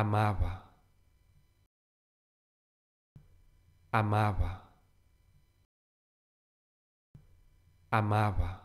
amaba, amaba, amaba.